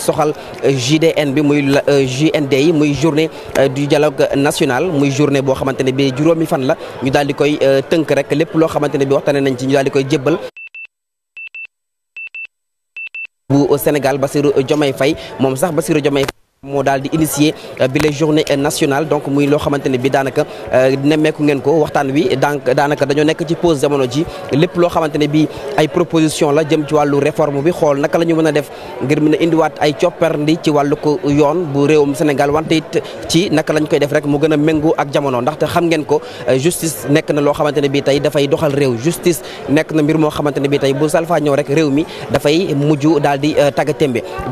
soxal euh, JDN bi muy euh, JND yi muy journée euh, du dialogue nationale muy journée boo xamante ne bi juróomi fan la ñu daal di koy tënk rek lépp loo xamante ne bi waxtaanee nañ ci ñu daal di koy jébbal bu Sénégal Bassirou Diomaye fay moom sax ba Bassirou Diomaye moo daal di initier euh, bi les journées nationales donc muy loo xamante ne bi daanaka euh, nemmeeku ngeen ko waxtaan wi donc daanaka dañoo nekk ci pose jamono ji lép loo xamante ne bi ay proposition la jëm ci wàllu réforme bi xool naka la ñu mën a def ngir mën ne indiwaat ay copperndi ci wàllu ko yoon bu réewum Sénégal wante it ci naka lañ koy def rek mu gën a méngoo ak jamono ndaxte xam ngeen ko euh, justice nekk na loo xamante ne bi tey dafay doxal réew justice nekk na mbir moo xamante ne bi tey bu salfaa ñëw rek réew mi dafay mujj daal di tagga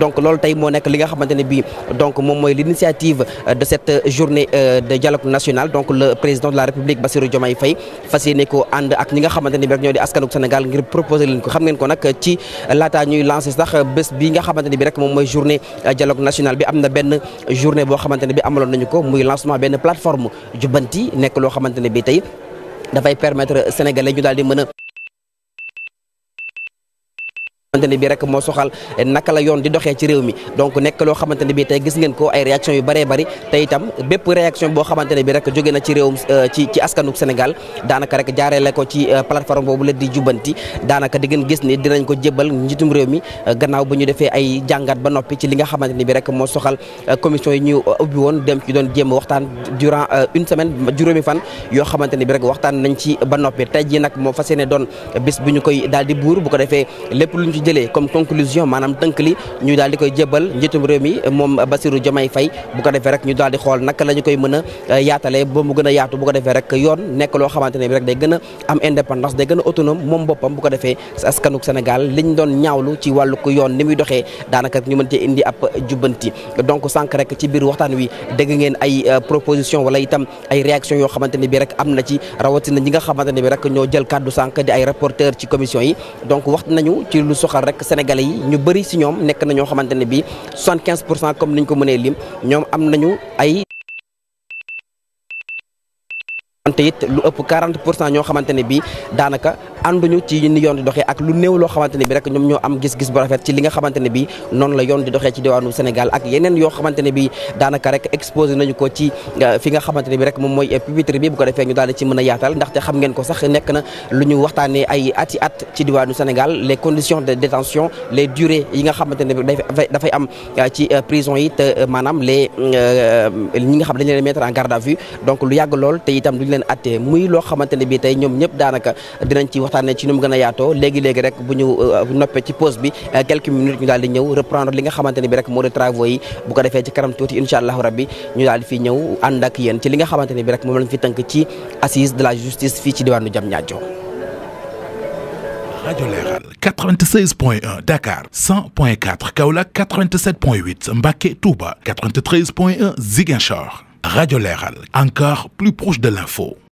donc loolu tey moo nekk li nga xamante ne bi donc moom mooy l'initiative euh, de cette euh, journée euh, de dialogue national donc le président de la République Bassirou Diomaye Faye fas yéene ko ànd ak ñi nga xamante ne bi rek ñoo di askanu Sénégal ngir proposer leen ko xam ngeen ko nag ci laataa ñuy lancer sax bés bi nga xamante ne bi rek moom mooy journée dialogue national bi am na benn journée boo xamante ne bi amaloon nañu ko muy lancement benn plateforme jubbanti nekk loo xamante ne bi tey dafay permettre sénégalais ñu daal di mën a xamante ne bii rek moo soxal naka la yoon di doxee ci réew mi donc nekk loo xamante ne tey gis ngeen ko ay réaction yu bëree bëri te itam bépp réaction boo xamante ne rek euh, euh, euh, ba ñu defee ay jàngat ba li nga xamante ne bii rek moo soxal commission yi ñu ubbi woon dem ci doon jéem waxtaan durant une semaine juróomi fan yoo xamante ne bii rek waxtaan nañ ci ba noppi tey jii nag moo fas yéene doon bis bu ñu koy daal di buur bu ko defee lépp luñ ci jëlee comme conclusion maanaam tënk li ñu daal di koy jébbal njiitum réew mi moom Bassirou Diomaye Faye bu defee rek ñu daal di xool naka la koy mën a euh, yaatalee ba mu a yaatu bu ko defee rek yoon nekk loo xamante ne bi rek day gën a am indépendance day gën a moom boppam bu ko defee askanuk Sénégal liñ doon ñaawlu ci wàllu yoon ni muy doxee daanaka ñu mën cee indi ab jubbanti donc sànq rek ci biir waxtaan wi dëgg ngeen ay euh, proposition wala itam ay réaction yoo xamante ne bi rek am na ci rawatina ñi nga xamante ne bi rek ñoo jël kàddu sànq di ay rapporteur ci commission yi donc wax nañu ci lu soxal rek sénégalais yi ñu bëri si ñoom nekk na ñoo xamante ne bii soixante-quinze pour cent comme niñ ko mënee lim ñoom am nañu ay. wante it lu ëpp 40 pour cent ñoo xamante ne bii daanaka ànduñu ci ni yoon di doxee ak lu néew loo xamante ne bi rek ñoom ñoo am gis-gis bu rafet ci ne bi noonu la yoon di doxee ci diwaanu Sénégal ak yeneen yoo xamante ne bi daanaka rek exposé nañu ko ci euh, fi nga xamante ne bi rek moom mooy euh, pupitre bi bu ko defee ñu daal di a yaatal ndaxte xam ngeen ko sax na lu ñu waxtaanee ay ati at ci diwaanu Sénégal les conditions de détention les durées yi nga xamante ne bi dafay am euh, ci prison yi maanaam les ñi nga xam dañu leen mettre en garde à lu yàgg lool te itam duñu leen attee muy loo xamante ne bi tey ñoom ñëpp daanaka waxtaanee ci nu mu gën a yaato léegi-léegi rek bu ñu euh, noppee ci pause bi euh, quelques minutes ñu daal di ñëw reprendre li nga xamante ne bi rek moo di travaux bu ko defee ci kanam tuuti incha allahu rabbi ñu daal di fi ñëw ànd ak yéen ci li nga xamante ne bi rek moom lañ fi tënk ci assise de la justice fii ci diwaanu Diamniadio rajo Leral 96.1 Dakar 100.4 Kaolack 87.8 Mbacké Touba 93.1 Ziguinchor rajo Leral encore plus proche de l'info